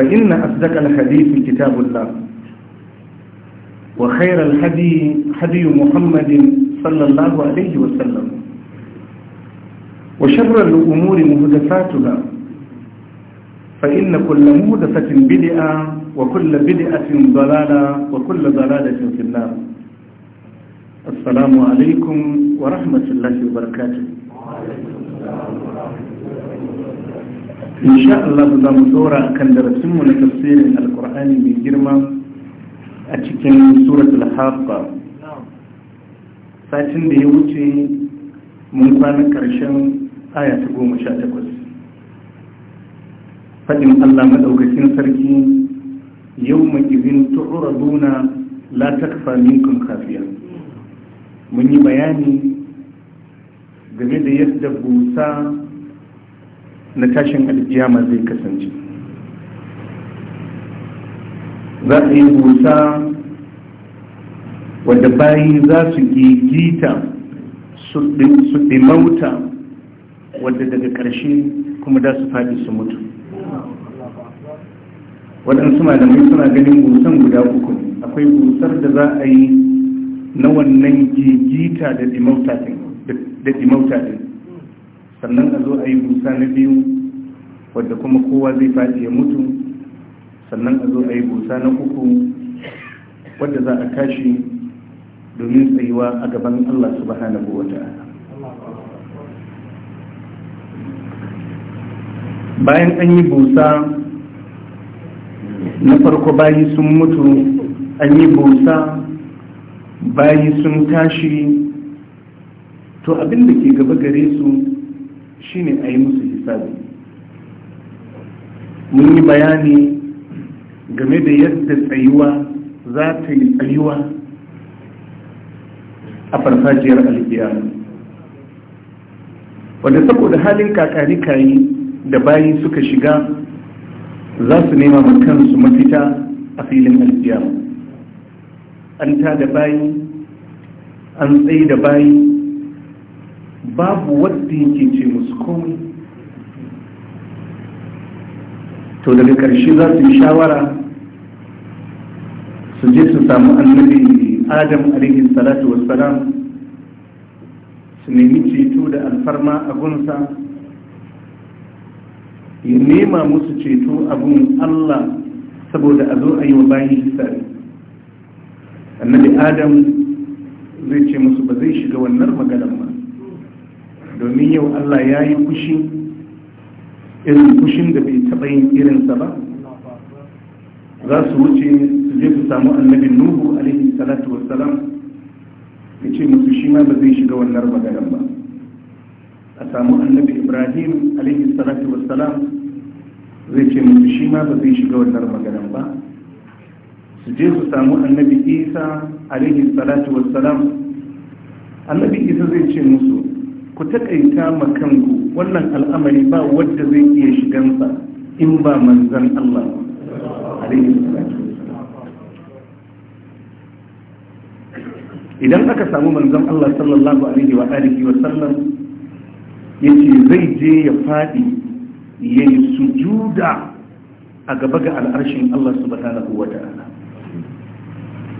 فإن أصدق الحديث كتاب الله وخير الحدي هدي محمد صلى الله عليه وسلم وشر الأمور مهدفاتها فإن كل مهدفة بدئة وكل بدئة ضلالة وكل ضلالة في النار السلام عليكم ورحمة الله وبركاته وعليكم السلام ورحمة الله وبركاته in sha Allah za mu tsora kan darasinmu na tafsirin alkur'ani mai girma a cikin suratul haqqa satin da ya wuce mun kwana karshen aya ta goma sha takwas faɗin Allah maɗaukakin sarki yau ma'izin tu'uraduna la takfa minkum kafiya mun yi bayani game da yadda busa na tashin aljiyama zai kasance za a yi busa wadda bayi za su gigita su mauta wadda daga ƙarshe kuma da su faɗi su mutu waɗansu malamai suna ganin busan guda uku akwai busar da za a yi na wannan gigita da dimauta din. sannan a zo a yi busa na biyu wadda kuma kowa zai faɗi ya mutu sannan a zo a yi busa na uku wadda za a tashi domin tsayuwa a gaban allah subhanahu wa ta'ala bayan an yi busa na farko bayi sun mutu an yi busa bayi sun tashi to abin da ke gaba gare su shine a yi musu hisabi mun yi bayani game da yadda tsayuwa za ta yi tsayuwa a farfajiyar alkiyama wanda saboda halin kakani kayi da bayi suka shiga za su nema kansu mafita a filin alkiyama an ta da bayi an tsaye da bayi babu wadda yake ce musu komai to daga karshe za su yi shawara su je su samu annabi adam alaihi salatu wassalam su nemi ceto da alfarma a gunsa ya nema musu ceto abun allah saboda a zo a yi wa bayan hisari annabi adam zai ce musu ba zai shiga wannan maganar ba domin yau Allah ya yi fushi irin kushin da bai taɓa yin irinsa ba za su wuce su je su samu annabin nuhu alaihi salatu wassalam ya ce musu shi ma ba zai shiga wannan maganar ba a samu annabi ibrahim alaihi salatu wassalam zai ce musu shi ma ba zai shiga wannan maganar ba su je su samu annabi isa alaihi salatu wassalam annabi isa zai ce musu ku taƙaita ma kanku wannan al'amari ba wadda zai iya shigansa in ba manzan Allah idan aka samu manzan Allah sallallahu alaihi wa alihi wa sallam yace zai je ya fadi yayi sujuda a gaba ga al'arshin Allah subhanahu wa ta'ala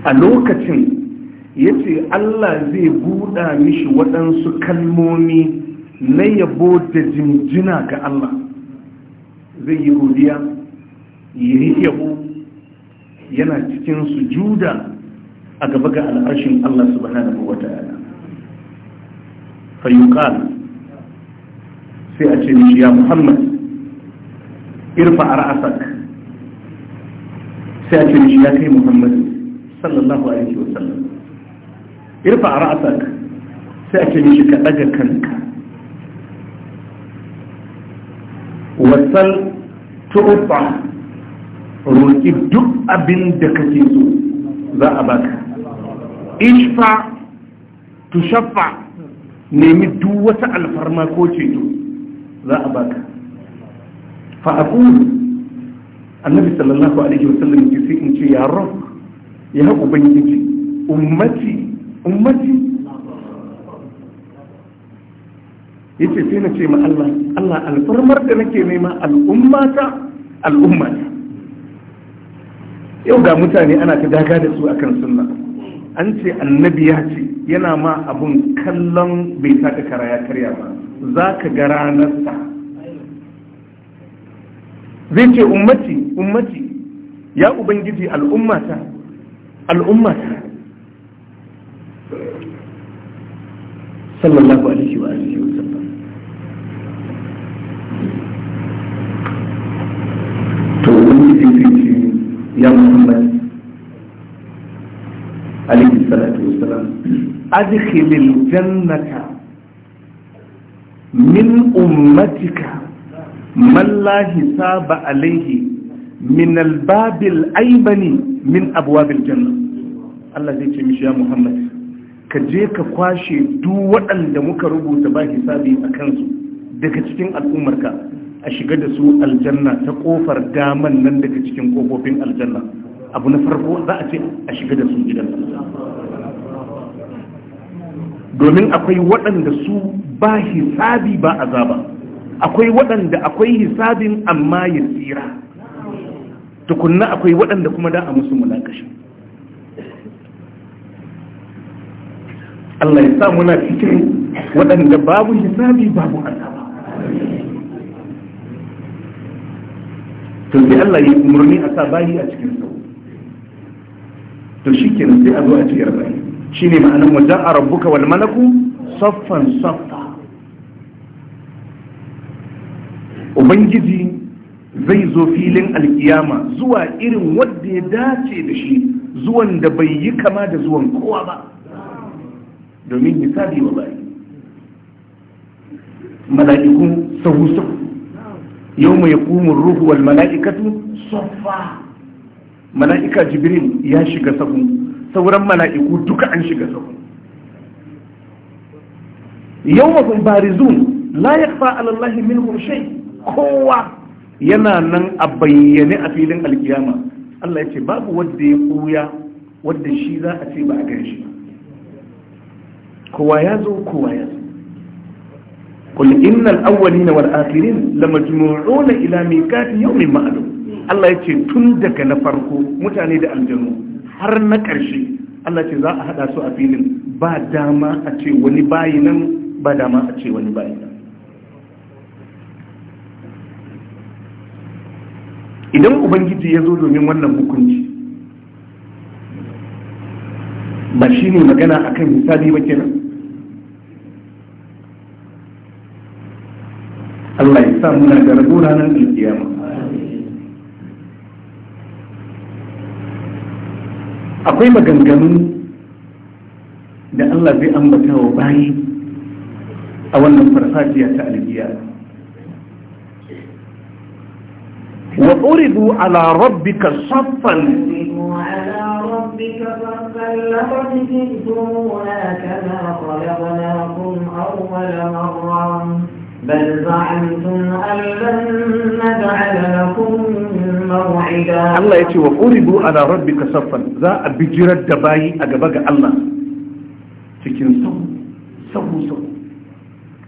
a lokacin ya ce Allah zai buɗa mishi waɗansu kalmomi na yabo da jinjina ga Allah zai yi godiya ya yi yabo yana cikin sujuda a gaba ga al'arshin Allah subhanahu wa ta'ala fayyukan sai a ce mishi ya muhammad irfa a ra'asak sai a ce mishi ya kai muhammad sallallahu alaihi wasallam irfa a ra'asak sai ake mishi ka ɗaga kanka wasan tu'ufa roƙi duk abin da kake so za a baka ishfa tushaffa nemi duk wata alfarma ko ceto za a baka fa'akulu annabi sallallahu alaihi wasallam ke sai in ce ya rob ya ubangiji ummati ummati yace sai na ce ma Allah Allah alfarmar da nake nema al'ummata al'ummata yau ga mutane ana ta daga da su akan sunna an ce annabi ya ce yana ma abun kallon bai taka karaya karya ba za ka ga ranarsa zai ce ummati ummati ya ubangiji al'ummata al'ummata صلى الله عليه وآله وسلم يا محمد عليه الصلاة والسلام أدخل الجنة من أمتك من لا حساب عليه من الباب الأيمن من أبواب الجنة الله يتمشي يا محمد ka je ka kwashe duk waɗanda muka rubuta ba hisabi a kansu daga cikin al'ummarka a shiga da su aljanna ta kofar daman nan daga cikin kofofin aljanna abu na farko za a ce a shiga da su gidan domin akwai waɗanda su ba hisabi ba azaba akwai waɗanda akwai hisabin amma ya tsira tukunna akwai waɗanda kuma da a musu mulakashi Allah ya sa muna cikin waɗanda babu hisabi babu azaba to sai Allah ya umarni a sa bayi a cikin sau to shi kenan sai a zo a cikin bayi shine ma'anar wajen a rabbuka wal malaku saffan saffa ubangiji zai zo filin alkiyama zuwa irin wadda ya dace da shi zuwan da bai yi kama da zuwan kowa ba domin hisabi wa bayi mala'ikun sahu sahu yau mai kumin ruhu wal mala'ikatu soffa mala'ika jibril ya shiga sahu sauran mala'iku duka an shiga sahu yau mafin barizun la ya fa alallahi min shai kowa yana nan a bayyane a filin alkiyama Allah ya ce babu wanda ya ɓuya wanda shi za a ce ba a gan shi ba kowa ya zo kowa ya zo kul innal awwalina wal akhirin lamajmu'una ila miqati yawmin ma'lum Allah yace tun daga na farko mutane da aljanu har na karshe Allah ce za a hada su a filin ba dama a ce wani bayi ba dama a ce wani bayi idan ubangiji ya zo domin wannan hukunci ba shi ne magana akan misali ba kenan sa muna ranar alkiyama akwai maganganu da Allah zai ambata wa bayi a wannan farfajiya ta alkiyama wa uridu ala rabbika saffan لقد جئتمونا كما خلقناكم أول مرة بل زعمتم أن لن نجعل لكم موعدا الله يتي وقربوا على ربك صفا ذا بجرد دباي أقبق الله cikin sahu sahu sahu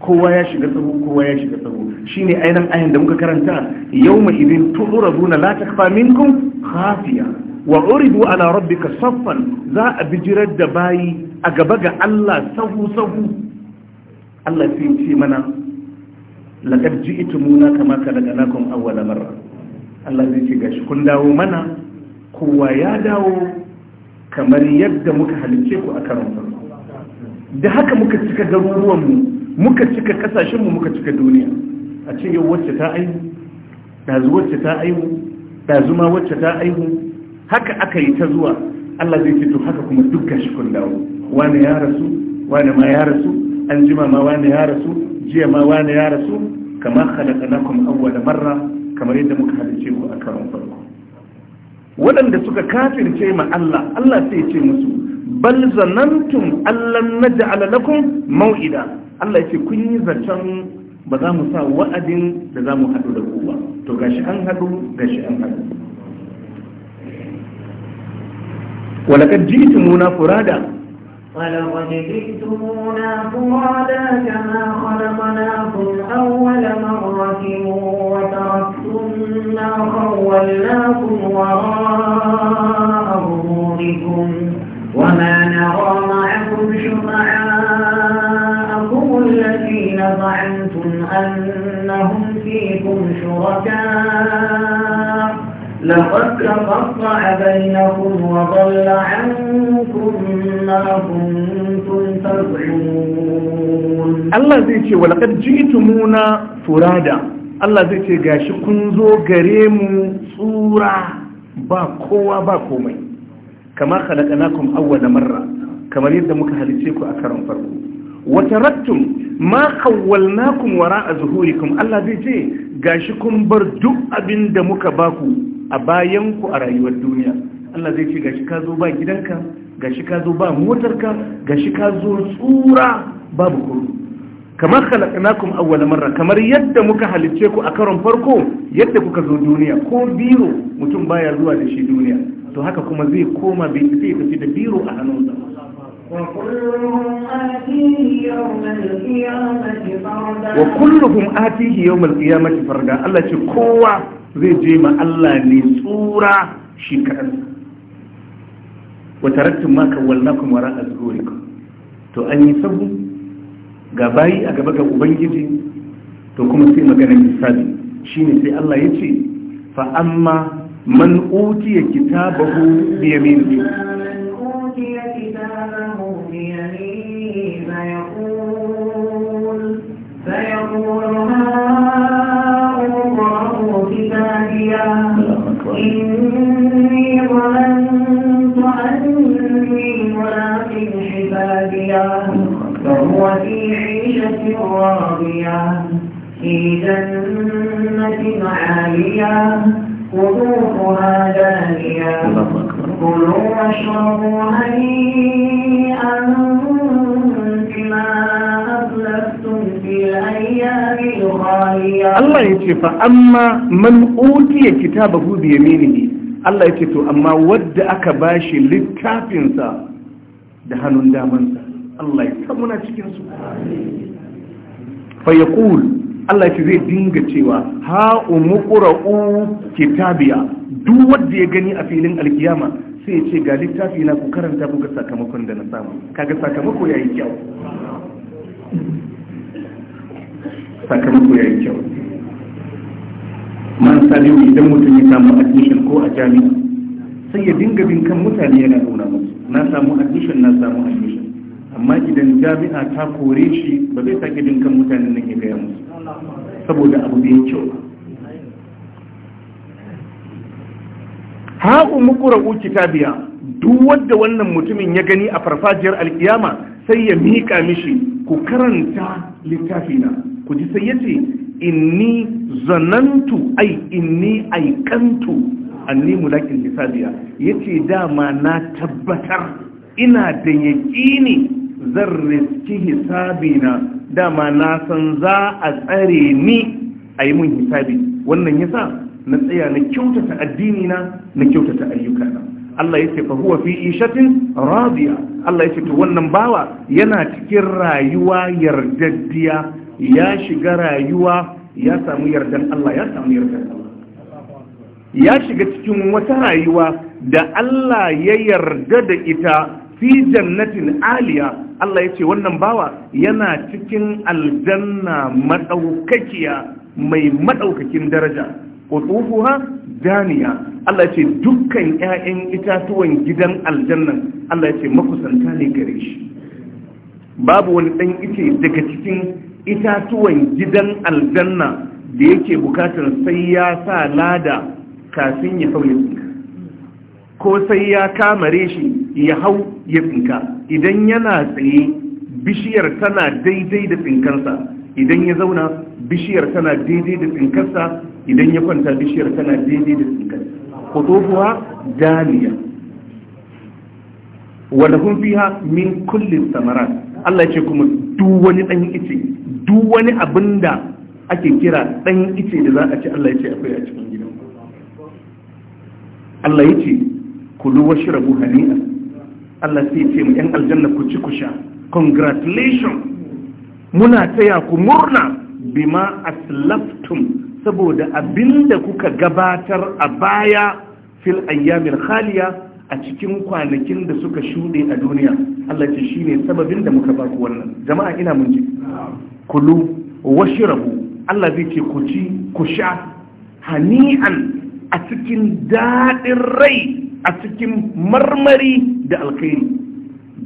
kowa ya shiga sahu kowa ya shiga sahu shine ainihin ayin da muka karanta yawma idin tu'raduna la takfa minkum khafiya wa uridu ala rabbika saffan za a bijirar da bayi a gaba ga Allah sahu sahu Allah sai ce mana laqad ji'tumuna kama nakon awwala marra Allah zai ce gashi kun dawo mana kowa ya dawo kamar yadda muka halicce ku a karon farko da haka muka cika garuruwanmu muka cika kasashenmu muka cika duniya a ce yau wacce ta aihu dazu wacce ta aihu dazu ma wacce ta aihu haka aka yi ta zuwa Allah zai ce to haka kuma duk gashi kun dawo wani ya rasu wani ma ya rasu an jima ma wani ya rasu jiya ma wani ya rasu kama khalaqnakum awwala marra kamar yadda muka halice ku a karon farko waɗanda suka kafirce ma Allah Allah sai ya ce musu bal zanantum allan naj'al lakum maw'ida Allah ya kun yi zaton ba za mu sa wa'adin da za mu haɗu da ku ba to gashi an haɗu gashi an haɗu walakad jitumuna furada ولقد جئتمونا فرادا كما خلقناكم أول مرة وتركتم ما خولناكم وراء ظهوركم وما نرى معكم شفعاءكم الذين ظعنتم أنهم فيكم شركاء لقد تقطع بينكم وضل عنكم ما كنتم تزعمون الله زي ce ولقد جئتمونا فرادا Allah zai ce gashi kun zo gare mu tsura ba kowa ba komai kamar khalaqnakum awwala marra kamar yadda muka halice ku a karon farko Wata rattun ma na khawwalnakum wara'a zuhurikum Allah zai ce gashi kun bar duk abin da muka baku a bayanku a rayuwar duniya Allah zai ce gashi ka zo ba gidanka gashi ka zo ba motarka gashi ka zo tsura babu kuru kamar khalaqnakum awwala marra kamar yadda muka halicce ku a karon farko yadda kuka zo duniya ko biro mutum baya zuwa da shi duniya to haka kuma zai koma bai tafi da biro a hannunsa wa kulluhum atihi yawm al-qiyamati farda Allah ce kowa zai je ma Allah ne tsura shi kaɗan wata tarattun maka ra'a wara azgorikum to an yi sabu ga bayi a gaba ga ubangiji to kuma sai maganar misali ne sai Allah ya ce fa amma man utiya kitabahu bi الله يتفى أما من أوتي كتابه بيمينه الله yake أما ود أكباش aka bashi littafinsa da hannun damansa Allah ya samuna cikin su Allah ce zai dinga cewa ha umuqra'u kitabiya duk wanda ya gani a filin alkiyama sai ya ce ga littafi na ku karanta ku ga sakamakon da na samu kaga sakamako yayi kyau sakamako yayi kyau man salihu idan mutum ya samu admission ko a jami'a sai ya dinga bin kan mutane yana nuna musu na samu admission na samu admission amma idan jami'a ta kore shi ba zai sake bin kan mutanen nan ya gaya musu saboda abu bai kyau ba haƙu mukura uki biya duk wadda wannan mutumin ya gani a farfajiyar alkiyama sai ya miƙa mishi ku karanta littafina ku ji sai ya ce inni zanantu ai inni aikantu anni mulakin hisabiya yace dama na tabbatar ina da yaƙini zan riski hisabina dama na san za a tsare ni a yi mun hisabi wannan yasa na tsaya na kyautata addini na na kyautata ayyuka na Allah ya fa huwa fi ishatin radiya Allah ya to wannan bawa yana cikin rayuwa yardaddiya ya shiga rayuwa ya samu yardan Allah ya samu yardan Allah ya shiga cikin wata rayuwa da Allah ya yarda da ita fi jannatin aliya Allah ya ce wannan bawa yana cikin aljanna madaukakiya mai maɗaukakin daraja qutufuha daniya Allah ya ce dukkan 'ya'yan itatuwan gidan aljanna, Allah ya ce makusanta ne gare shi babu wani ɗan ice daga cikin itatuwan gidan aljanna da yake bukatar sai ya sa lada kafin ya faule ko sai ya kamare shi ya hau ya tsinka idan yana tsaye bishiyar tana daidai da tsinkarsa idan ya zauna bishiyar tana daidai da tsinkarsa idan ya kwanta bishiyar tana daidai da tsinkarsa kudufuwa daniya wanda kun fiha min kullum samaran Allah ce kuma duk wani ɗan ice duk abin da ake kira ɗan ice da za a ce Allah ya ce akwai a cikin gidan Allah ya ce kulu rabu hani'a Allah sai ce mu yan aljanna ku ci ku sha muna taya ku murna bima aslaftum saboda abinda kuka gabatar a baya fil ayyamil khaliya a cikin kwanakin da suka shuɗe a duniya Allah ce shine sababin da muka ba ku wannan jama'a ina mun ji kulu rabu. Allah zai ce ku ci ku sha hani'an a cikin daɗin rai a cikin marmari da alkhairi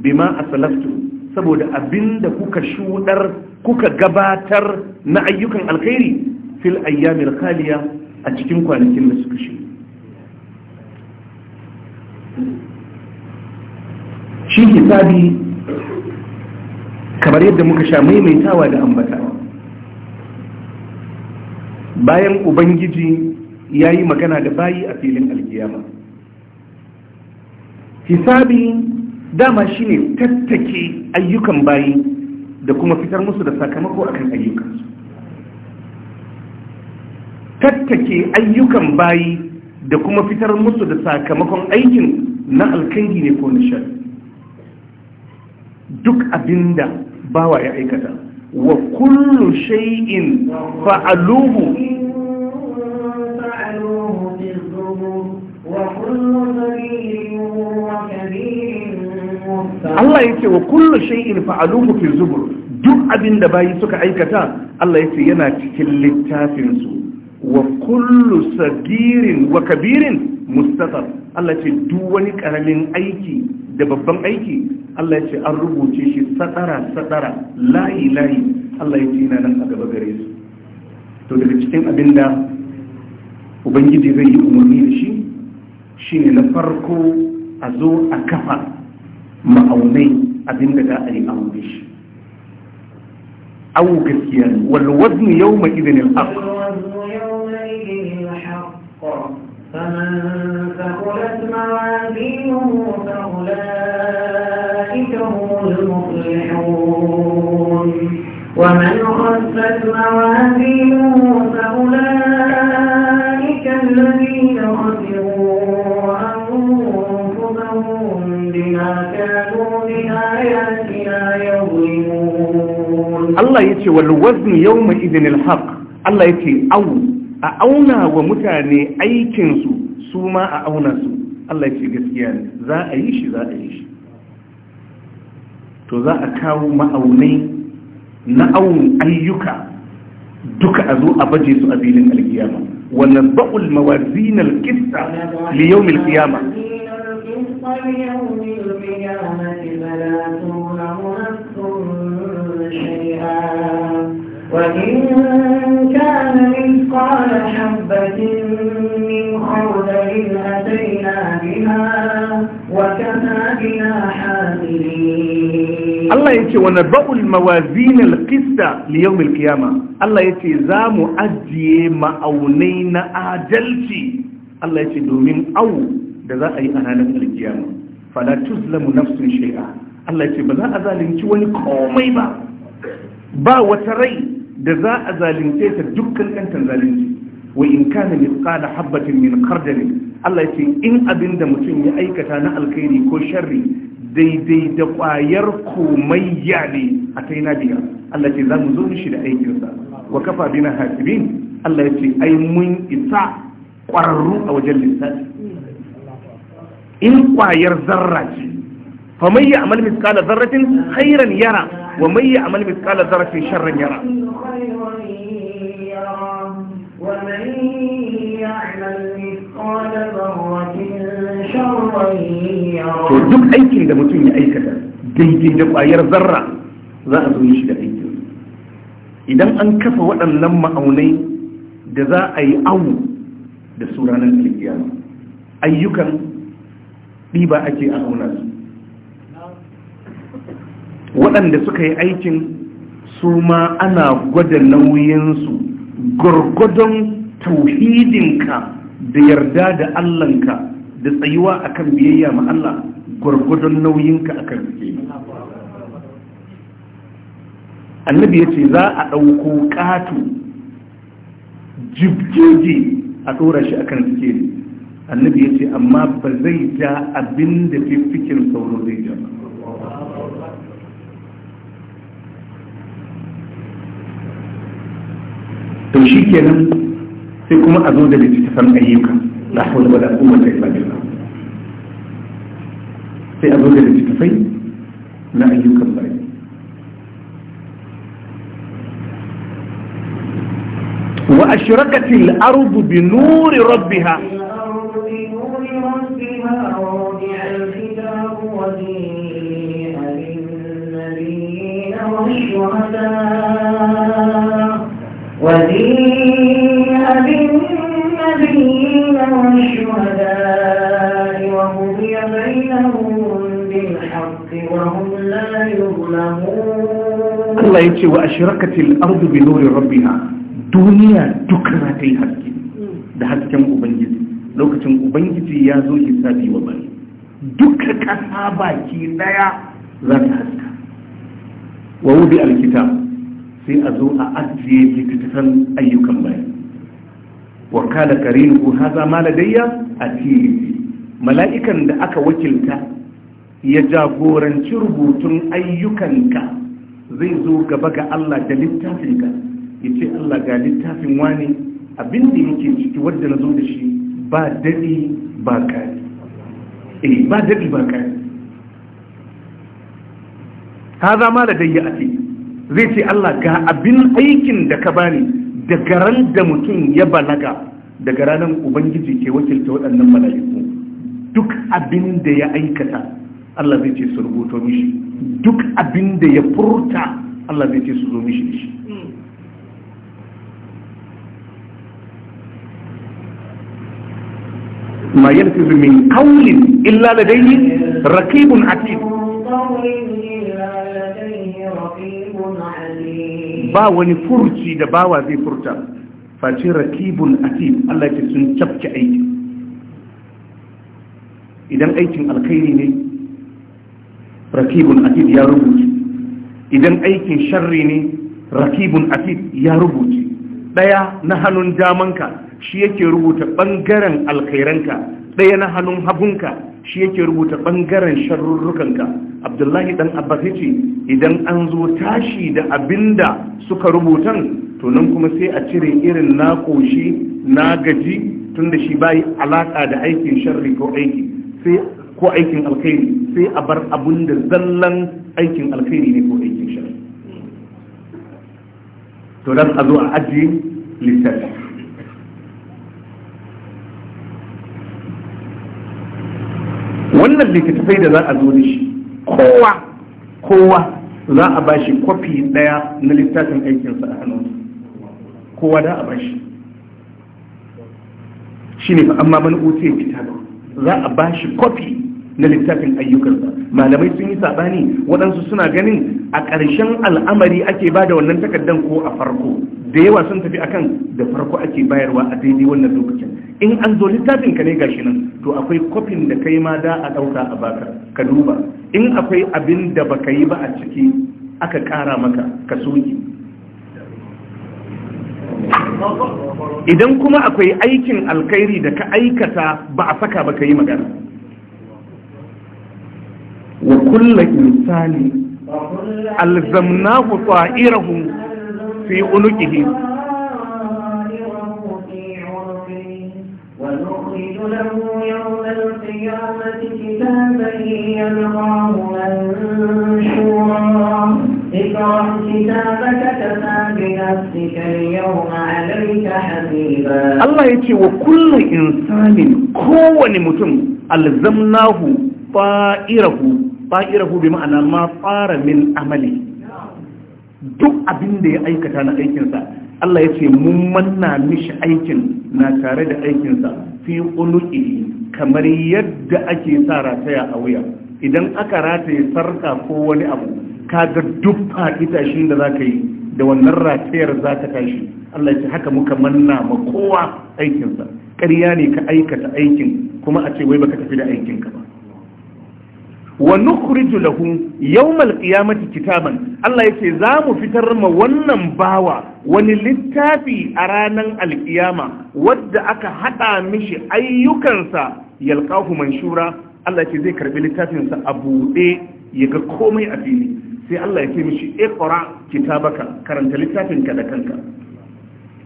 bima asalaftu saboda abinda kuka shudar kuka gabatar na ayyukan alkhairi fil ayyamil khaliya a cikin kwanakin da suka shi shi hisabi kamar yadda muka sha maimaitawa da ambatawa bayan ubangiji ya yi magana da bayi a filin alkiyama hisabi dama shi ne tattake ayyukan bayi da kuma fitar musu da sakamako akan ayyukansu tattake ayyukan bayi da kuma fitar musu da sakamakon aikin na alkangi ne ko na duk abinda bawa ya aikata wa kullu shay'in fa'aluhu Allah ya ce wa kullu shay'in fa'aluhu fi zubur duk abin da bayi suka aikata Allah ya ce yana cikin littafin su wa kullu sagirin wa kabirin mustatar Allah ce duk wani karamin aiki da babban aiki Allah ce an rubuce shi sadara sadara layi layi Allah ya ce yana nan a gaba gare su to daga cikin abin da ubangiji zai yi umarni da shi shine na farko a zo a kafa ma'aunai abin da za a yi aure shi awu gaskiya ne wal wazn yawma idhin al haqq فمن ثقلت موازينه فأولئك هم المفلحون ومن خفت موازينه فأولئك الذين خسروا أنفسهم Allah ya ce wani wazin yau mai idin alhaq Allah ya ce a auna wa mutane aikinsu su ma a auna su Allah ya ce gaskiya ne za a yi shi za a yi shi to za a kawo ma'aunai na aunin ayyuka duka a zo a baje su a filin alkiyama wannan ba'ul mawazinar kista liyaumil kiyama وإن كان مثقال حبة من خردل أتينا بها وكفى بنا حافلين الله يتي ونبأ الموازين القصة ليوم القيامة الله يتي زام أجي مأونين آجلتي الله يتي دومين أو da za a yi a ranar alkiyama fala tuzlamu nafsun Allah ce ba za a zalunci wani komai ba ba wata rai da za a zalunce ta dukkan kantan zalunci wa in kana mithqala habatin min khardal Allah ce in abin da mutum ya aikata na alkhairi ko sharri daidai da kwayar komayya ne a ta yana biya Allah ce za mu zo shi da aikinsa wa kafa bina hasibin Allah ya ce ai mun isa ƙwararru a wajen lissafi in kwayar zarra ce فمن يعمل مثقال ذرة خيرا يرى ومن يعمل مثقال ذرة شرا يرى to duk aikin da mutum ya aikata daidai da kwayar zarra za a zo shi da aikin idan an kafa waɗannan ma'aunai da za a yi awu da su ranar ayyukan ɗiba ake a auna su waɗanda suka yi aikin su ma ana gwada nauyinsu gwargwadon tauhidinka da yarda da allanka da tsayuwa akan biyayya ma Allah gwargwadon nauyinka akan suke annabi ya ce za a ɗauko ƙatu jibjeje a tsora shi akan suke annabi ya ce amma ba zai ja abin da fifikin sauro zai ja ba to shi kenan sai kuma a zo da littattafan ayyuka la hawla wala quwwata illa billah sai a zo da littattafai na ayyukan bayi wa ashraqatil ardu bi nuri rabbiha وجيء بالنبيين والشهداء وهم بينهم بالحق وهم لا يظلمون الله يتشي وأشركت الأرض بنور ربها دنيا دكرتي حقي ده حسكم أبنجزي لو كتم أبنجزي يازو حسابي وبني duka kasa baki daya za ta haska wa wubi sai a zo a ajiye littattafan ayyukan bayan wa kala ku haza maladayya a a mala'ikan da aka wakilta ya jagoranci rubutun ayyukanka zai zo gaba ga Allah da littafinka ya ce Allah ga littafin wani abin da yake ciki wadda na zo da shi ba daɗi ba kari eh, ba daɗi ba kari haza ma ladayya a zai ce Allah ga abin aikin da ka bani daga ran da mutum ya balaga daga ranar ubangiji ke wakilta waɗannan mala'iku duk abin da ya aikata Allah zai ce su rubuto mishi duk abin da ya furta Allah zai ce su zo mishi da shi ma yalfizu min qawlin illa ladayhi raqibun atid ba wani furci da bawa zai furta face rakibun atib Allah ce sun cafke aiki idan aikin alkhairi ne rakibun atib ya rubuce idan aikin sharri ne rakibun atib ya rubuce daya na hannun damanka shi yake rubuta bangaren alkhairanka daya na hannun hagunka shi yake rubuta bangaren sharrurrukanka abdullahi dan abbas ya ce idan an zo tashi da abinda suka rubutan to nan kuma sai a cire irin na koshi, na gaji tun da shi bayi alaƙa da aikin sharri ko aiki sai ko aikin alkhairi sai a bar abun da zallan aikin alkhairi ne ko aikin sharri to dan a zo a ajiye littafi wannan littattafai da za a zo da shi kowa kowa za a ba shi kwafi ɗaya na littafin aikinsa a hannunsa kowa da a ba shi shi ne amma ban fita ba, za a ba shi kwafi na littafin ayyukansa malamai sun yi saɓani waɗansu suna ganin a ƙarshen al'amari ake ba da wannan takardar ko a farko da yawa sun tafi akan da farko ake bayarwa a daidai wannan lokacin in an zo littafin ka ne gashi nan to akwai kofin da kai ma da a ɗauka a baka ka duba in akwai abin da baka yi ba a ciki aka kara maka ka soki idan kuma akwai aikin alkhairi da ka aikata ba a saka ba ka yi magana wa kulla insani alzamnahu ta'irahu في ونخرج له يوم القيامة كتابا يلقاه منشورا اقرأ كتابك بنفسك اليوم عليك الله يتي وكل إنسان كون متم ألزمناه طائره طائره بمعنى ما طار من عمله duk abin da ya aikata na aikinsa Allah ya ce mun manna mishi aikin na tare da aikinsa fi unuki kamar yadda ake sa rataya a wuya idan aka rataye sarka ko wani abu kaga duk fa'ita shi da zaka yi da wannan ratayar zaka tashi Allah ya ce haka muka manna ma kowa aikinsa ƙarya ne ka aikata aikin kuma a ce wai baka tafi da aikinka ba wa nukhriju lahu yawmal qiyamati kitaban Allah yace za mu fitar ma wannan bawa wani littafi a ranar alkiyama wadda aka hada mishi ayyukansa yalqahu manshura Allah yace zai karbi littafin sa a bude yaga komai a fili sai Allah ya ce mishi iqra kitabaka karanta littafin ka da kanka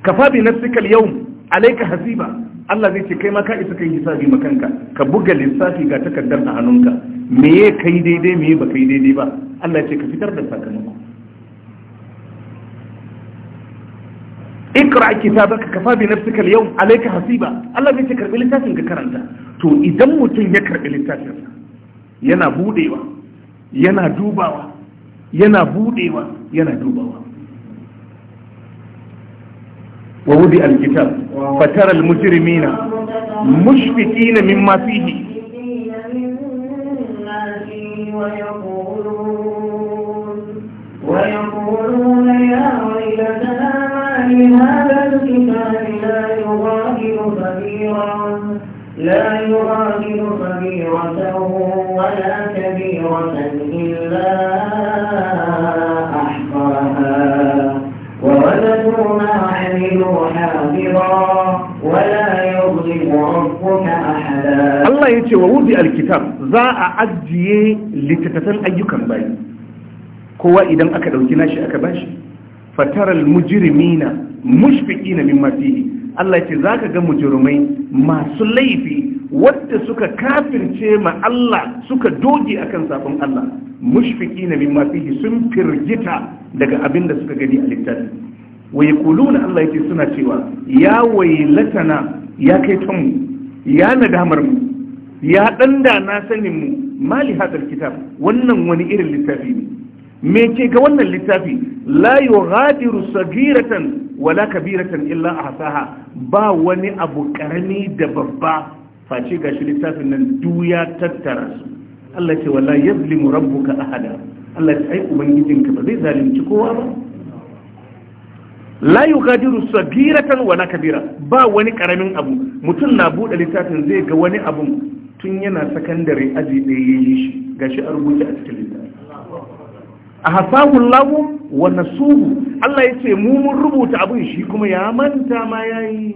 kafa bi nafsika al-yawm alayka hasiba Allah zai ce kai ma ka isa kan hisabi makanka ka buga lissafi ga takardar a hannunka me ya kai daidai me ba kai daidai ba Allah ce ka fitar da sakamako ikra kitabaka kafa bi nafsika al alayka hasiba Allah ya ce karbi littafin ka karanta to idan mutum ya karbi littafin yana budewa yana dubawa yana budewa yana dubawa wa wudi al-kitab fatara al-mujrimina mushfiqina mimma fihi ويقولون يا ويلتنا ما لهذا الكتاب لا يغادر كبيرا لا يغادر كبيرة ولا كبيرة إلا أحصاها ووجدوا ما حملوا حافظا ولا يظلم ربك أحدا الله يتي ووضع الكتاب ذا أعجي لتتتن أيكم بين kowa idan aka ɗauki nashi aka bashi fataral mujrimina mushfiqina na fihi Allah ce zaka ga mujirumai masu laifi wadda suka kafirce ma Allah suka doge akan sabon Allah mushfiqina na fihi sun firgita daga abin da suka gani a littafi Kulu na Allah yake suna cewa ya waylatana ya kai tanmu ya nadamar mu ya danda na sanin mu mali hadal kitab wannan wani irin littafi ne me ke ga wannan littafi la yughadiru sagiratan wala kabiratan illa ahsaha ba wani abu karami da babba face ga shi littafin nan duya tattara su Allah ce wala yazlimu rabbuka ahada Allah ce ai ubangijinka ba zai zalunci kowa ba la yughadiru sagiratan wala kabira ba wani karamin abu mutum na bude littafin zai ga wani abu tun yana sakandare aji ɗaya yayi shi gashi a rubuta a cikin littafin a hasahu lahu wa nasuhu Allah ya ce mu mun rubuta abin shi kuma ya manta ma yayi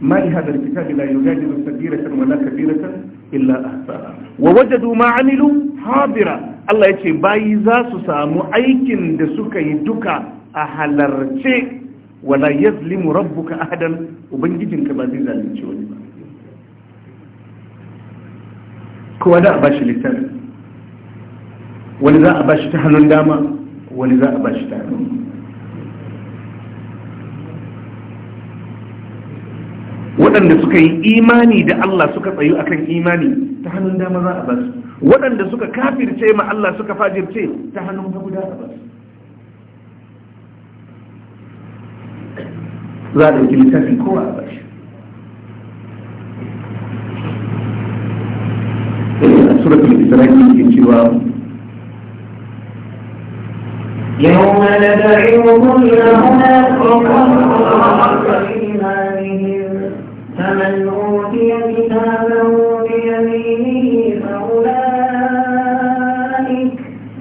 ma li hadha alkitabi la yujadilu sadiratan wa la kabiratan illa ahsaha wa wajadu ma amilu Allah ya ce bayi za su samu aikin da suka yi duka a halarci wala yazlimu rabbuka ahadan ubangijin ba zai zalunci wani ba kowa da a ba wani za a bashi ta hannun dama wani za a bashi ta hannun waɗanda suka yi imani da Allah suka tsayu akan imani ta hannun dama za a basu waɗanda suka kafirce ma Allah suka fajirce ta hannun hagu za a basu za a ɗauki littafin kowa a bashi suratul isra'i ke cewa يوم ندعو كل هناك فمن أوتي كتابه بيمينه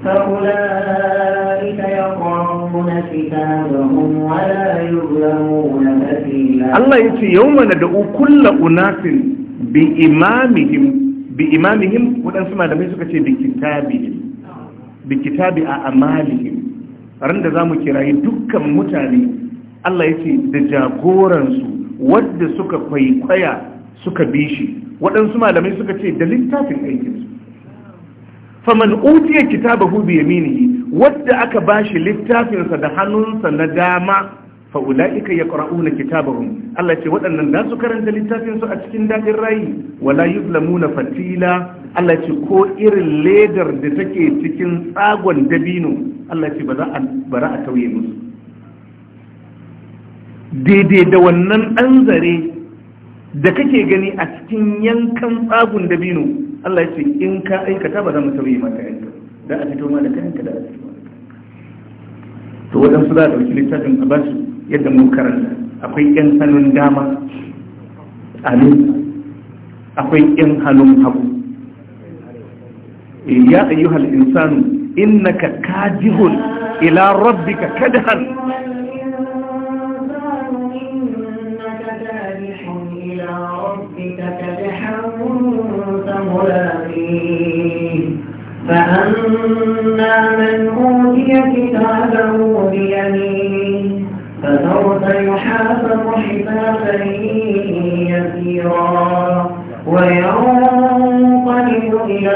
فأولئك يقرؤون كتابهم ولا يظلمون الله يتي يوم ندعو كل أناس بإمامهم بإمامهم ونسمع سمع لما يسوك شيء بكتابهم بكتاب أعمالهم ran da za mu kirayi dukkan mutane Allah ya ce da jagoransu wadda suka kwaikwaya suka bi shi waɗansu malamai suka ce da littafin aikinsu faman utiya kitabahu bi yaminihi wadda aka bashi littafinsa da hannunsa na dama fa ulaika yaqra'una kitabahum Allah ce waɗannan da su karanta littafin su a cikin dadin rayi wala yuzlamuna fatila Allah ce ko irin ledar da take cikin tsagon dabino Allah ce ba za a bara a tauye musu daidai da wannan ɗan zare da kake gani a cikin yankan tsagon dabino Allah ce in ka aikata ba za mu tauye maka yanka da a fito ma da kayanka da a fito to waɗansu za a ɗauki littafin a basu yadda mun karanta akwai ƴan hannun dama amin akwai ƴan hannun hagu eh, ya ayyuhal insanu innaka kajihun ila rabbika kadhan وأما من أوتي كتابه بيمينه فسوف يحاسب حسابا يسيرا وينقلب إلى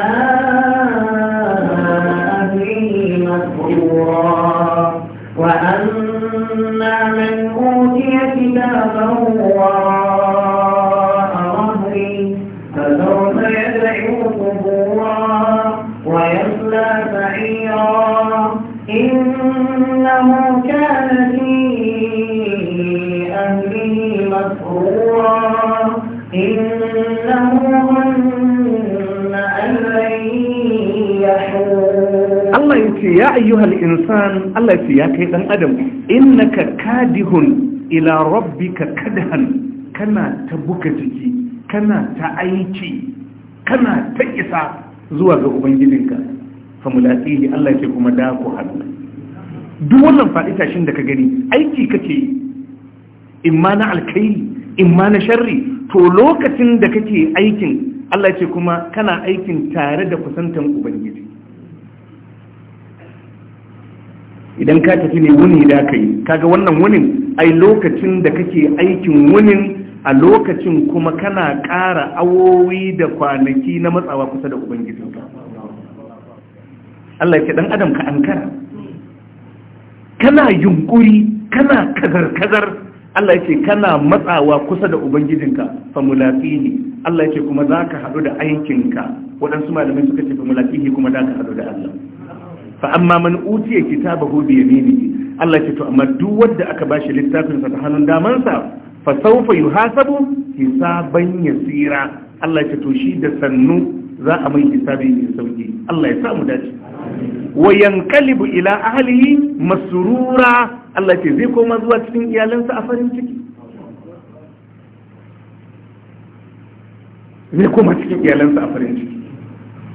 أهله مسرورا وأما insan Allah ya kai dan adam innaka kadihun ila rabbika kadhan kana ta buka jiki kana ta aiki kana ta isa zuwa ga ubangijinka famulatihi Allah ce kuma da ku hannu duk wannan faɗi tashin da ka gani aiki kake in na alkairi in na sharri to lokacin da kake aikin Allah ce kuma kana aikin tare da kusantan ubangiji idan ka tafi ne wuni da ka yi kaga wannan wunin ai lokacin da kake aikin wunin a lokacin kuma kana ƙara awowi da kwanaki na matsawa kusa da ubangiji Allah ya ce dan adam ka ankara kana yunkuri kana kazar-kazar Allah ya ce kana matsawa kusa da ubangijinka famulafihi Allah ya ce kuma za ka haɗu da aikinka waɗansu malamai suka ce famulafihi kuma za ka haɗu da Allah fa amma man utiya kitabahu bi yaminihi Allah ce to amma duk wanda aka bashi littafin sa ta hannun sa, fa sawfa yuhasabu hisaban yasira Allah ce to shi da sannu za a mai hisabi mai sauki Allah ya sa mu dace wa yanqalibu ila ahlihi masrura Allah ce zai koma zuwa cikin iyalansa a farin ciki zai koma cikin iyalansa a farin ciki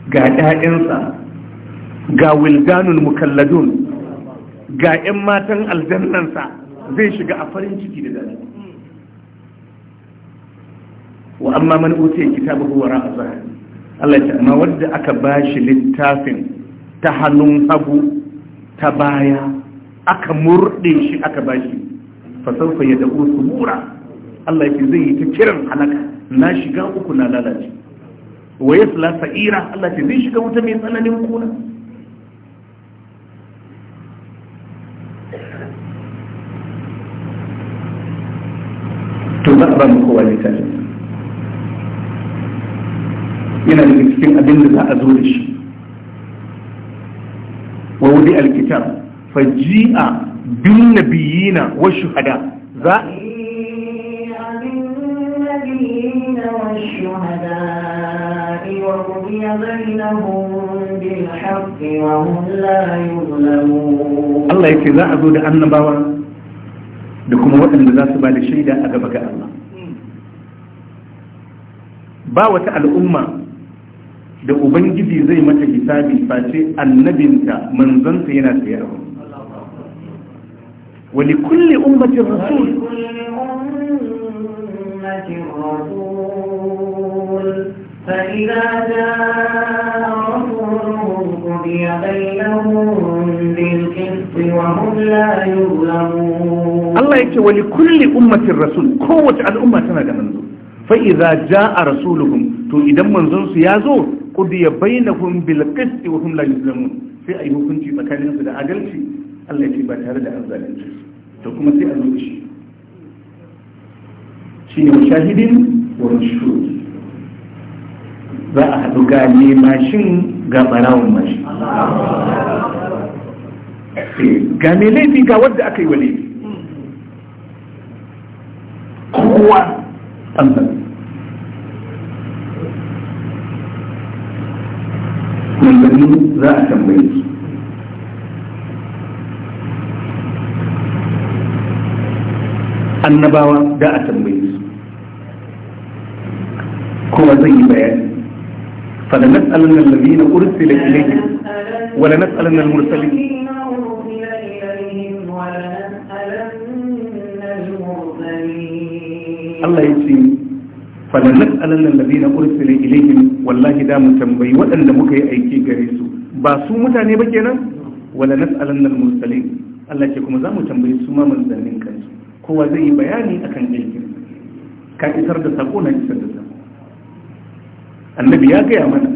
ga ƴaƴansa ga wildanul mukalladun ga 'yan matan aljannansa zai shiga a farin ciki da dare wa amma man utiya kitabahu wara azhar Allah ya amma wanda aka bashi littafin ta hannun hagu ta baya aka murde shi aka bashi fa ya dabo subura Allah ya zai yi ta kiran halaka na shiga uku na lalace wa yasla sa'ira Allah ya zai shiga wuta mai tsananin kuna to za a ba yana daga cikin abin da za a zo da shi wa wudi alkitab fa ji'a bin nabiyina wa shuhada za وقضي بينهم بالحق وهم لا يظلمون الله da kuma waɗanda za su ba da shaida a gaba ga Allah ba wata al'umma da ubangiji zai mata hisabi face annabinta manzonsa yana tsayarwa wani kulle ummatin rasul فإذا جاء رسولهم قضي بينهم بالقسط وهم لا يظلمون Allah yake wani kulli ummatin rasul kowace al'umma tana da manzo fa idza jaa rasuluhum to idan manzon su ya zo qudiya bainahum bil qist wa hum la yuzlamun sai ayi hukunci tsakanin su da adalci Allah yake ba tare da zalunci to kuma sai a zo shi shi ne shahidin wa mashhud za a haɗu ga ne mashin ga barawun mashin eh, ga mai laifi ga wadda aka yi wa laifi قوة تنتمي والذين لا أكمل annabawa da a tambaye su بيان zai yi bayani فلنسألن الذين أرسل إليهم ولنسألن المرسلين Allah ya ce nan falannan alannan labina ursila ilaihim wallahi da mu tambayi waɗanda muka yi aiki gare su ba su mutane ba kenan wala nas'alanna al-mursalin Allah ce kuma za mu tambayi su ma manzannin kansu kowa zai yi bayani akan aikin ka isar da sako na isar da sako annabi ya gaya mana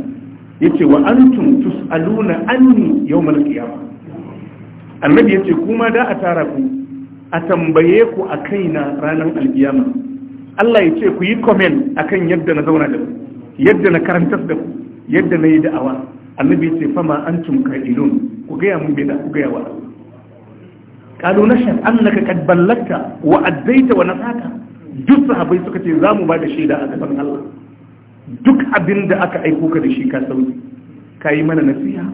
ya ce wa antum tus'aluna anni yawmal qiyamah annabi ya ce kuma da a tara ku a tambaye ku a kaina ranar alkiyama Allah ya ce ku yi komen a kan yadda na zauna da ku yadda na karantar da ku yadda na yi da'awa annabi ce fama an antum qailun ku gaya mun bai da ku gaya wa qalu nashhad annaka qad ballagta wa addaita wa nasaka duk sahabbai suka ce za mu ba da shaida a gaban Allah duk abin da aka aiko ka da shi ka sauki ka yi mana nasiha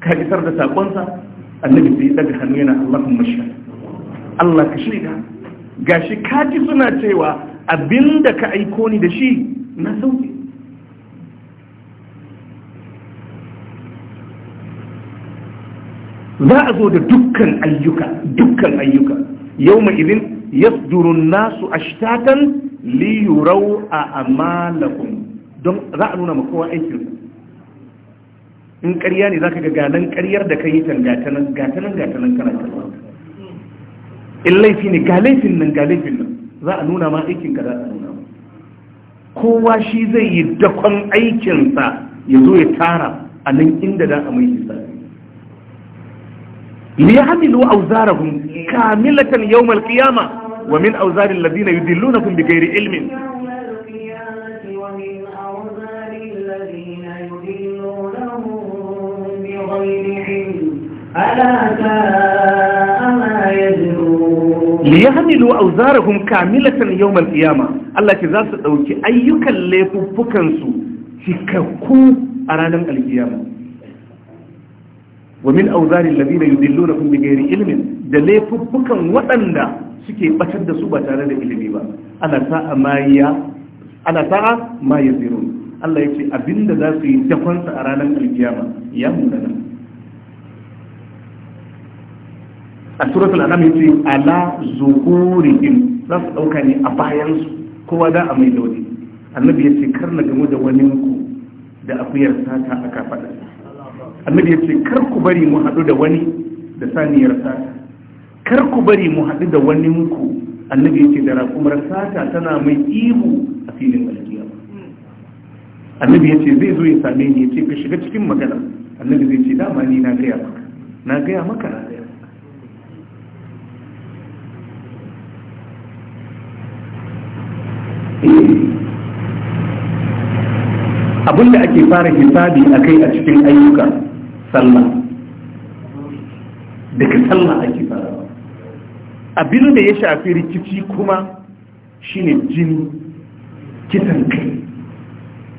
ka isar da sakonsa annabi sai daga hannu yana Allahumma shahid Allah ka shaida gashi kaji suna cewa abinda ka aiko ni da shi na sauke za a zo da dukkan ayyuka dukkan ayyuka yau mai izin yasdurun nasu ashtatan liyurau a amalakun don za a nuna makowa aikin in ƙarya ne za ka ga nan ƙaryar da ka yi can gatanan gatanan gatanan kana karɓa in laifi ne ga laifin nan ga laifin nan za a nuna ma aikinka za a nuna kowa shi zai yi dakon aikinsa ya zo ya tara a nan inda za a mai hisabi liyamilu auzarahum kamilatan yawmal qiyamah wa min auzaril ladina yudillunakum bighairi ilmin ألا ساء ما liyahmilu awzarahum kamilatan yawm al-qiyama Allah ce za su dauki ayyukan laifuffukan su cikakku a ranar al-qiyama wa min awzari alladhina yudillunakum bighairi ilmin da laifuffukan waɗanda suke batar da su ba tare da ilimi ba ana sa'a maya ana sa'a ma yazirun Allah yake abinda za su yi dafansa a ranar al-qiyama ya munana a suratul ya ce ala in za su ɗauka ne a bayan su kowa da a mai lauri annabi ce kar na gamu da wani ku da akuyar sata a kafaɗa annabi ya ce kar ku bari mu haɗu da wani da saniyar sata kar ku bari mu haɗu da wani ku annabi ce da rakumar sata tana mai ihu a filin alkiya annabi ya ce zai zo ya same ni ya ce ka shiga cikin magana annabi zai ce dama ni na gaya maka na gaya maka na gaya abin da ake fara hisabi a kai a cikin ayyuka sallah daga sallah ake fara abin da ya shafi rikici kuma shine jini kitan kai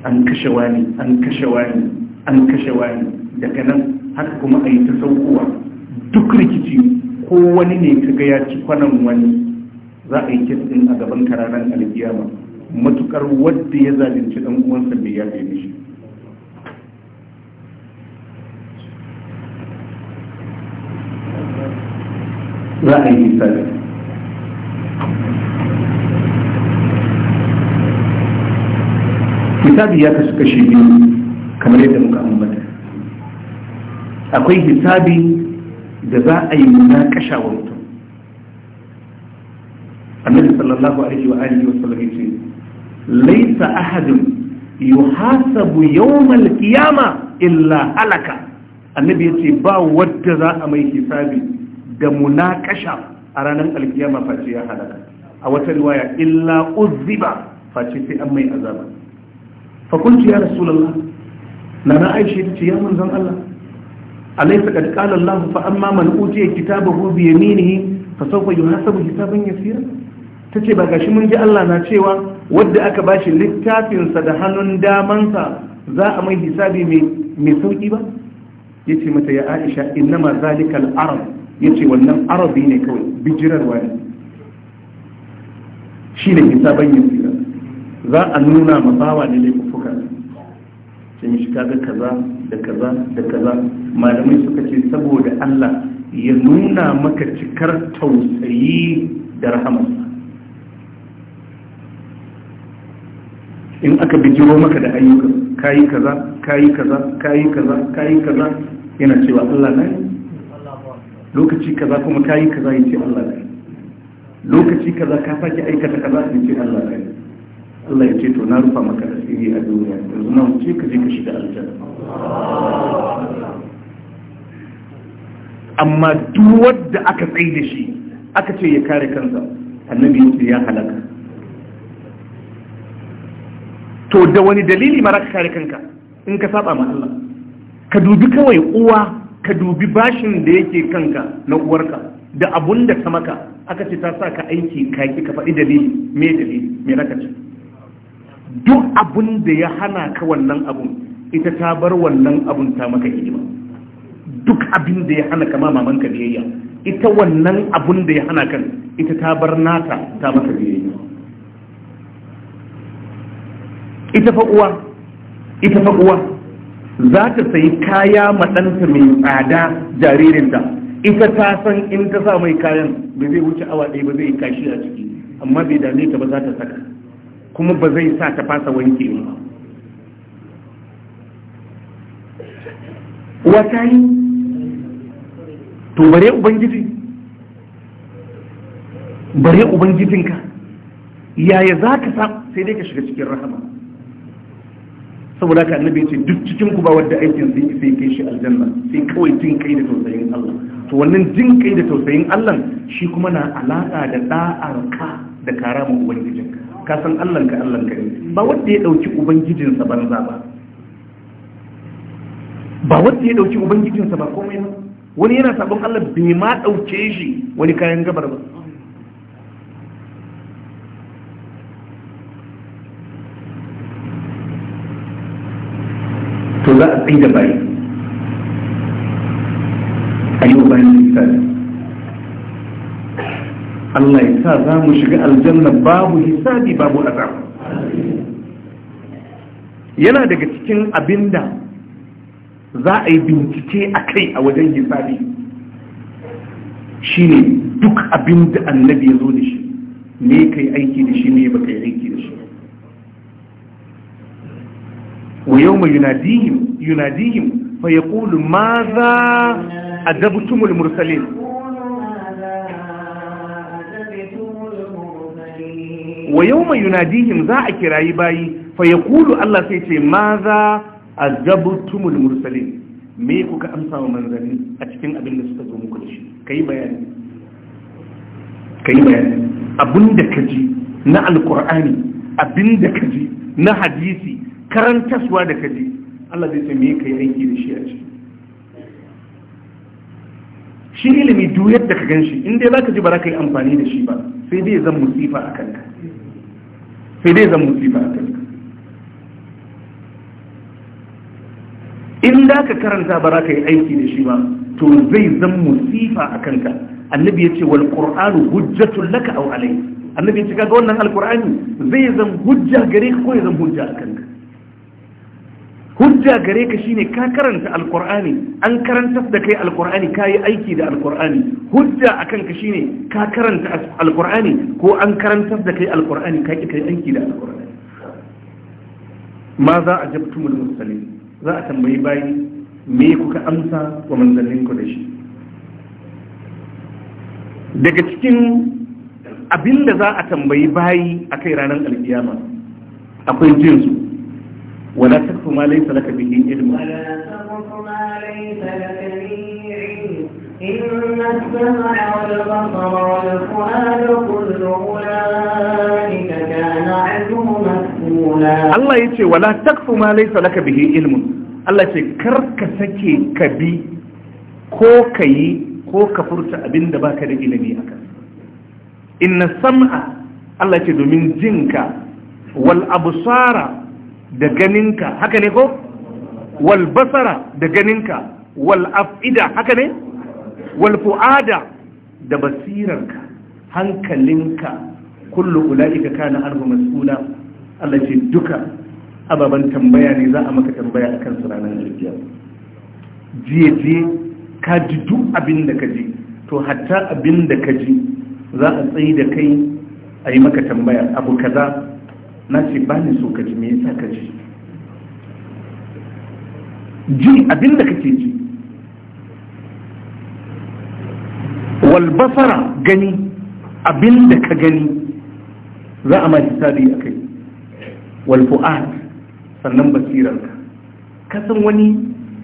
an kashe wani an kashe wani an kashe wani daga nan haka kuma a yi ta saukowa duk rikici ko wani ne ta ga ya ci kwanan wani za a yi kisan a gaban ranar alkiyama matukar wadda ya zalunci dan uwansa bai yafe mishi za a yi misali hisabi ya kasu kashi biyu kamar yadda muka ambata akwai hisabi da za a yi munakasha wa mutum annabi sallallahu alaihi wa alihi wa sallam yace laisa ahadin yuhasabu yawmal qiyama illa halaka annabi yace ba wanda za a mai hisabi da munakasha a ranar alkiyama face ya halaka a wata riwaya illa uziba face sai an mai azaba fa kuntu ya rasulullah nana aisha tace ya manzon Allah alaysa qad qala Allah fa amma man utiya kitabahu bi yaminihi fa sawfa yuhasabu hisaban yasira ta ce ba gashi mun ji Allah na cewa wadda aka ba shi littafinsa da hannun damansa za a mai hisabi mai sauki ba ya ce mata ya aisha innama zalikal arab ya ce wannan arabi ne kawai bijirarwa ne shi ne hisaban yin fira za a nuna bawa ne sun yi shiga da kaza da kaza da kaza malamai suka ce saboda Allah ya nuna maka cikar tausayi da rahamarsa in aka bijiro maka da ayyuka kayi kaza kayi kaza kayi kaza kayi kaza yana cewa Allah ne lokaci kaza kuma kayi kaza yace Allah ne lokaci kaza ka sake aikata kaza yace Allah ne Allah yace to na rufa maka asiri a duniya yanzu na wuce ka je ka shiga aljanna amma duk wanda aka tsaye da shi aka ce ya kare kansa annabi ya halaka to da wani dalili mara ka kare kanka in ka saba ma Allah ka dubi kawai uwa ka dubi bashin da yake kanka na uwarka da abun da ta maka aka ce ta sa ka aiki ka ki ka faɗi dalili me dalili me raka ce duk abun da ya hana ka wannan abun ita ta bar wannan abun ta maka hidima duk abin da ya hana ka ma ka biyayya ita wannan abun da ya hana kan ita ta bar nata ta maka biyayya ita fa uwa ita fa uwa za ta sayi kaya maɗanta mai tsada jaririnta ita ta san in ta sa mai kayan ba zai wuce awa ɗaya ba zai kashi a ciki amma bai dame ta ba za ta saka kuma ba zai sa ta fasa wanke ba ta yi to bare ubangiji bare ubangijinka yaya za ka sa sai dai ka shiga cikin rahama saboda ka annabi ya ce duk cikin ku ba wanda aikin sai sai kai shi aljanna sai kawai jin kai da tausayin Allah to wannan jin kai da tausayin Allah shi kuma na alaka da ka da karama ubangijin ka san Allah ka Allah ka ne ba wanda ya dauki ubangijinsa banza ba ba wanda ya dauki sa ba komai ba wani yana sabon Allah bai ma dauke shi wani kayan gabar ba za a tsaye da bayi a wa bayan misali Allah ya sa za mu shiga aljanna babu hisabi babu azab yana daga cikin abinda za a yi bincike a kai a wajen hisabi shine duk abinda annabi ya zo da shi ne kai aiki da shi ne ba kai aiki da shi wa yawma yunadihim yunadihim fa yaqulu madha adabtumul mursalin wa yawma yunadihim za a kirayi bayi fa yaqulu Allah sai ce madha adabtumul mursalin me kuka amsa wa a cikin abin da suka zo muku na alqur'ani abinda na hadisi karantaswa da kaji Allah zai sami me yi aiki da shi a ciki shi ilimi duk yadda ka ganshi in dai ka ji ba za ka yi amfani da shi ba sai dai zan musifa a kanka sai dai zan musifa a kanka in da ka karanta ba za ka yi aiki da shi ba to zai zan musifa a kanka annabi ya ce wal qur'anu hujjatul laka aw annabi ya ce kaga wannan alƙur'ani zai zan hujja gare ka ko ya zan hujja a kanka hujja gare ka shine ka karanta alkur'ani an karanta da kai alkur'ani ka yi aiki da alkur'ani hujja akan ka shine ka karanta alkur'ani ko an karanta da kai alkur'ani ka ki kai aiki da alkur'ani ma za a jabtumul musallin za a tambayi bayi me kuka amsa wa manzannin ku da shi daga cikin abinda za a tambayi bayi akai ranar alkiyama akwai jinsu ولا تقف ما ليس لك به علم ولا تقف ما ليس لك به علم إن السمع والبصر والفؤاد كل أولئك كان عنه مسؤولا الله يتي ولا تقف ما ليس لك به علم الله يتي كرك سكي كبي ko ka yi ko ka furta abin da baka da ilimi a kan inna sam'a Allah ce domin jinka wal absara da ganinka haka ne ko Walbasara basara da ganinka wal afida haka ne wal fuada da basirarka hankalinka kullu ulaika kana arhu mas'ula Allah ce duka ababan tambaya ne za a maka tambaya a su ranar jiya jiye jiye ka ji duk abin da ka ji to hatta abin da ka ji za a tsayi da kai a yi maka tambaya abu kaza na ce ba ni so ka ji me yasa ka ji ji abin da kake ji walbasara gani abin da ka gani za a ma hisabi a kai walfu'ad sannan basirarka san wani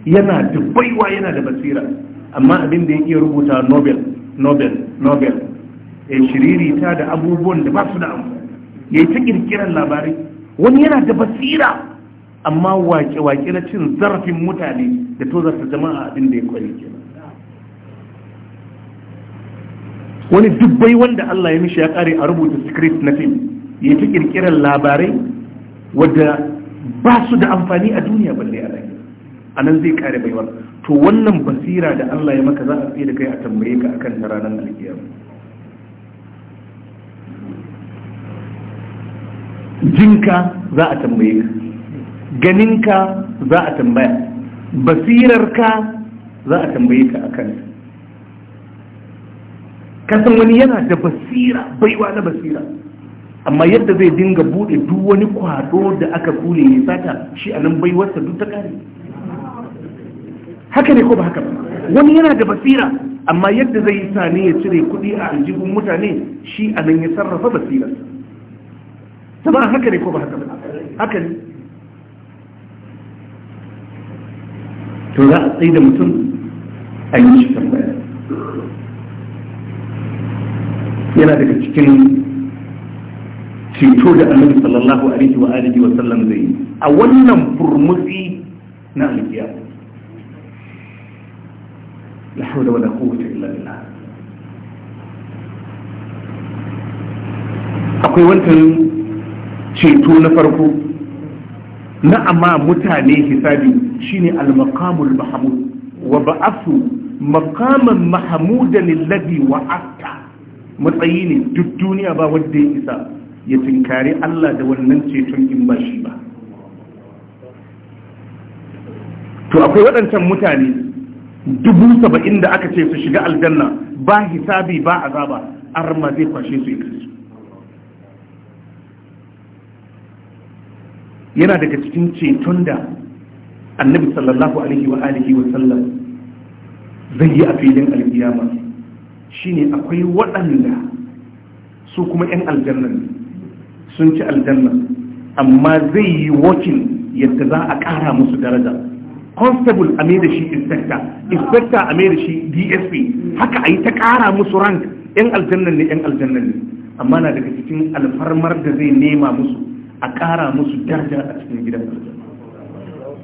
yana da baiwa yana da basira amma abin da ya iya rubuta nobel nobel nobel ya eh, shiriri ta da abubuwan da ba su da amfani ya yi ta kirkiran labarai wani yana da basira amma wake-wake na cin zarafin mutane da tozarta jama'a abin da ya kwari wani dubbai wanda Allah ya mishi ya kare a rubuta script na fim ya ta kirkiran labarai wadda ba su da amfani a duniya balle a rai a nan zai kare baiwar to wannan basira da Allah ya maka za a tsaye da kai a tambaye ka akan ranar alkiyama jinka za a tambaye ka ganinka za a tambaya basirarka za a tambaye ka akan kasan wani yana da basira baiwa na basira amma yadda zai dinga bude duk wani kwado da aka kule ya sata shi a nan baiwarsa duk ta kare haka ne ko ba haka ba wani yana da basira amma yadda zai yi sani ya cire kuɗi a aljihun mutane shi a nan ya sarrafa basirarsa تما هكذا يكون هذا هكذا تلا أيضا مثل أي شكل يلا ذلك الشكل في تولى النبي صلى الله عليه وآله وسلم ذي أولا برمزي نعم يا لا حول ولا قوة إلا بالله أقول وانت ceto na farko na amma mutane hisabi shine al-maqamul mahmud wa ba'athu maqaman mahmudan alladhi wa'ata matsayi ne duk duniya ba wanda ya isa ya tinkari Allah da wannan ceton in ba shi ba to akwai waɗancan mutane dubu saba'in da aka ce su shiga aljanna ba hisabi ba azaba arma zai kwashe su ya yana daga cikin ceton da annabi sallallahu alaihi wa alihi wa sallam zai yi a filin alkiyama shine akwai waɗanda su kuma 'yan aljanna sun ci aljanna amma zai yi wakin yadda za a ƙara musu daraja constable a mai da shi inspector inspector a mai da shi dsp haka a yi ta ƙara musu rank 'yan aljanna ne 'yan aljanna ne amma na daga cikin alfarmar da zai nema musu a ƙara musu daraja a cikin gidan aljanna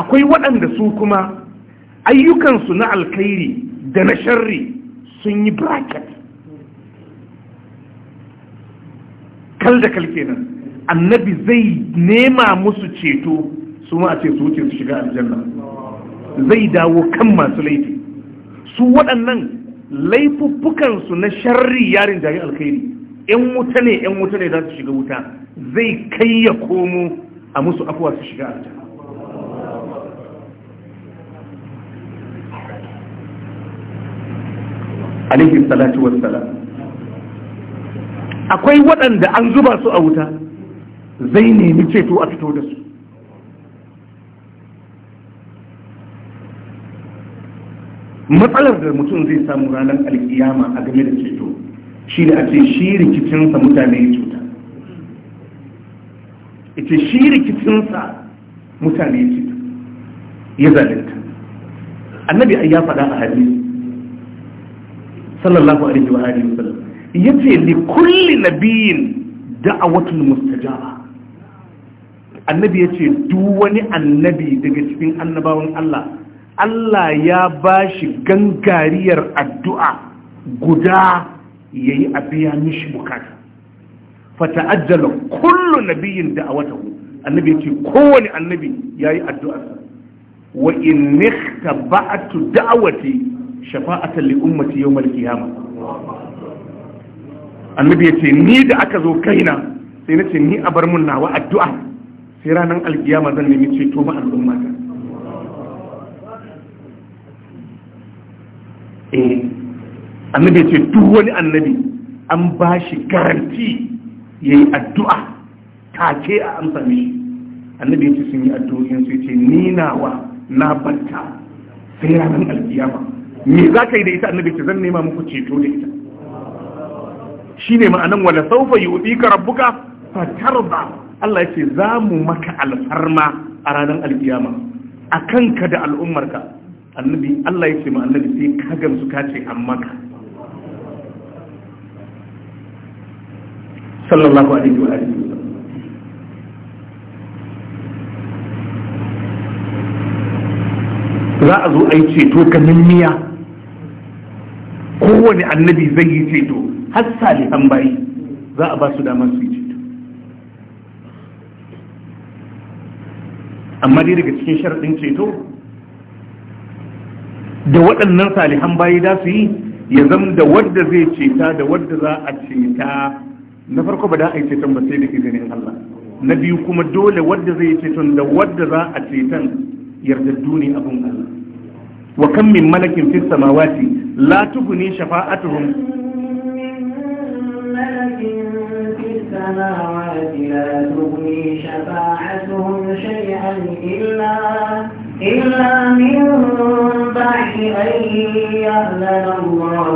akwai waɗanda su kuma ayyukansu na alkhairi da na sharri sun yi bracket kal da kal kenan annabi zai nema musu ceto su ma a ce su wuce su shiga aljanna zai dawo kan masu laifi su waɗannan laifuffukansu na sharri yarin jari alkhairi in wuta ne in wuta ne za su shiga wuta zai kai ya komo a musu afuwa su shiga aljanna Alikin salatu Sala. akwai waɗanda an zuba su a wuta zai nemi ceto a fito da su matsalar da mutum zai samu ranar alkiyama a game da ceto shi ne ce shi rikicinsa mutane ya cuta ita shi rikicinsa mutane ya cuta ya zalinta annabi a ya faɗa a hannu sallallahu alaihi wa alihi wasallam ce ne kulli nabiyyin da'awatul mustajaba annabi ya ce wani annabi daga cikin annabawan Allah Allah ya bashi gangariyar addu'a guda ya yi a biya mishi bukata fata ajjala kullu nabiyin da a wata annabi ce kowane annabi ya yi addu'arsa wa in nikta ba'atu da'awati shafa'atan li ummati al qiyama annabi ya ce ni da aka zo kaina sai na ce ni a bar mun nawa addu'a sai ranar alkiyama zan nemi ceto ma al'ummata annabi ce duk wani annabi an ba shi garanti ya yi addu'a ta ke a amsa mishi annabi ya ce sun yi addu'o'in su ce ni wa na banta sai ranar alkiyama me za ka yi da ita annabi ce zan nema muku ceto da ita shi shine ma'anan wala saufa ka fatar ba Allah ya ce za mu maka alfarma a ranar alkiyama a kanka da al'ummarka annabi Allah ya ce ma annabi sai ka gamsu ka ce an maka sallallahu alaihi wa alihi za a zo a yi ceto ganin miya kowane annabi zai yi ceto har salihan bayi za a ba su damar su yi ceto amma dai daga cikin sharaɗin ceto da waɗannan salihan bayi da su yi ya zama da wadda zai ceta da wadda za a ceta na farko ba da a yi ceton ba sai da izinin Allah na biyu kuma dole wadda zai ceton da wadda za a ceton yardaddu ne abin Allah wa kan min malakin fis samawati la tughni shafa'atuhum السماوات لا تغني شفاعتهم شيئا إلا إلا من بعد أن يأذن الله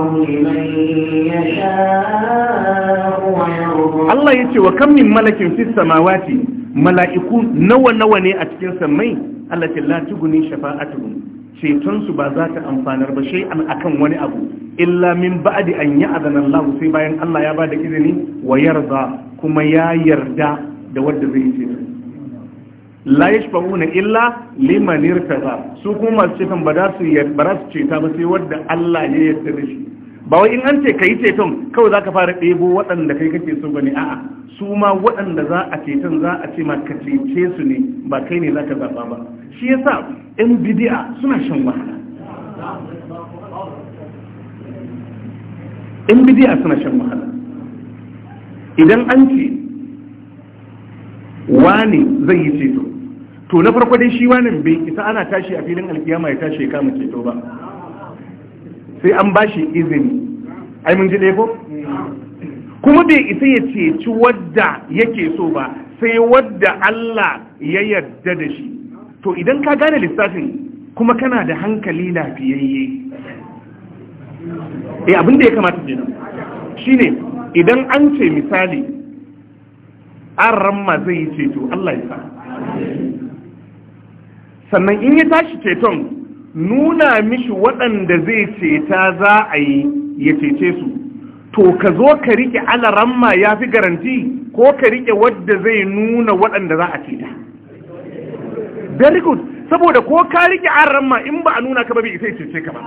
Allah ya ce wa kan min malakin fis samawati mala'iku nawa nawa ne a cikin sammai Allah ce la tuguni shafa'atuhum ceton su ba za ta amfanar ba shay an akan wani abu illa min ba'di an ya'dana Allah sai bayan Allah ya ba da izini wa yarda kuma ya yarda da wanda zai ce la yashfa'una illa liman irtaza su kuma masu ceton ba za su yarda ba su ceta ba sai wanda Allah ya yarda da shi ba wai in an ce ka yi ceton kawai za ka fara ɗebo waɗanda kai kake so bane a'a su ma waɗanda za a ceton za a ce ma ka cece su ne ba kai ne za ka zaɓa ba shi yasa yan bidi'a suna shan wahala yan bidi'a suna shan wahala idan an ce wane zai yi ceto to na farko dai shi wanan bai isa ana tashi a filin alkiyama ya tashi ya kama ceto ba sai an bashi izini ai mun ji ɗaya ko kuma bai isa ya ceci wadda yake so ba sai wadda Allah ya yarda da shi to idan ka gane lissafin kuma kana da hankali lafiyayye eh abin da ya kamata kenan shine idan an ce misali an ramma zai yi ceto Allah ya sa sannan in ya tashi ceton nuna mishi waɗanda zai ceta za a yi ya cece su to ka zo ka rike alaramma ya fi garanti ko ka rike wadda zai nuna waɗanda za a ceta very good saboda ko ka rike alaramma in ba a nuna ka ba bai isa cece ka ba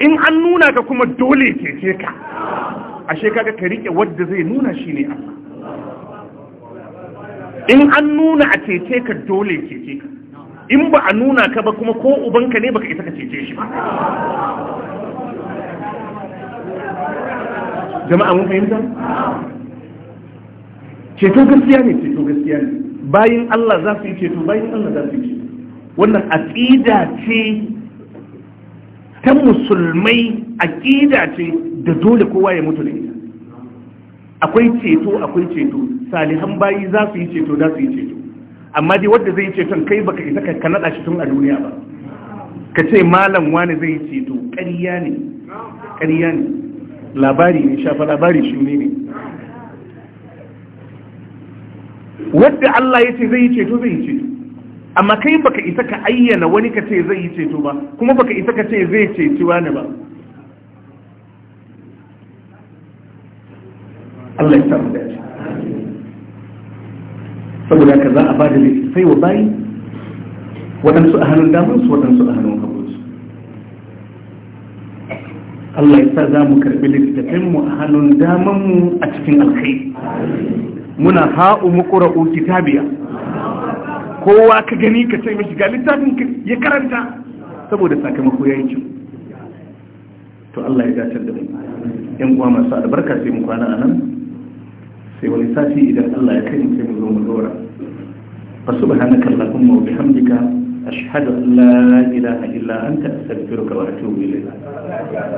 in an nuna ka kuma dole cece ka ashe shekaga ka rike wadda zai nuna shi ne Allah in an nuna a cece ka dole cece ka in ba a nuna ka ba kuma ko ubanka ne baka isa ka cece shi ba jama'a mun fahimta ceto gaskiya ne ceto gaskiya ne Bayan Allah za su yi ceto bayan Allah za su yi ceto wannan aqida ce ta musulmai aqida ce da dole kowa ya mutu da ita akwai ceto akwai ceto salihan bayi za su yi ceto za su yi ceto amma dai wadda zai ceton kai baka isa ka nada shi tun a duniya ba ka ce malam wani zai ceto ƙarya ne ƙarya ne labari ne shafa labari shi ne wadda Allah ya ce zai yi ceto zai yi ceto amma kai baka isa ka ayyana wani ka ce zai yi ceto ba kuma baka isa ka ce zai ceci wani ba Allah ya samu dace saboda ka za a ba da littattafai wa bayi waɗansu a hannun damansu waɗansu a hannun hagunsu Allah ya sa za mu karɓi mu a hannun damanmu a cikin alkai muna ha'u ƙura'u kitabiya kowa ka gani ka ce mashi ga littafin ya karanta saboda sakamako ya yi cin to Allah ya dace da mu yan uwa masu albarka sai mu kwana a nan sai wani sati idan Allah ya kai sai mu zo mu dora fa subhanaka allahumma wa bihamdika ashhadu an la ilaha illa anta astaghfiruka wa atubu ilayk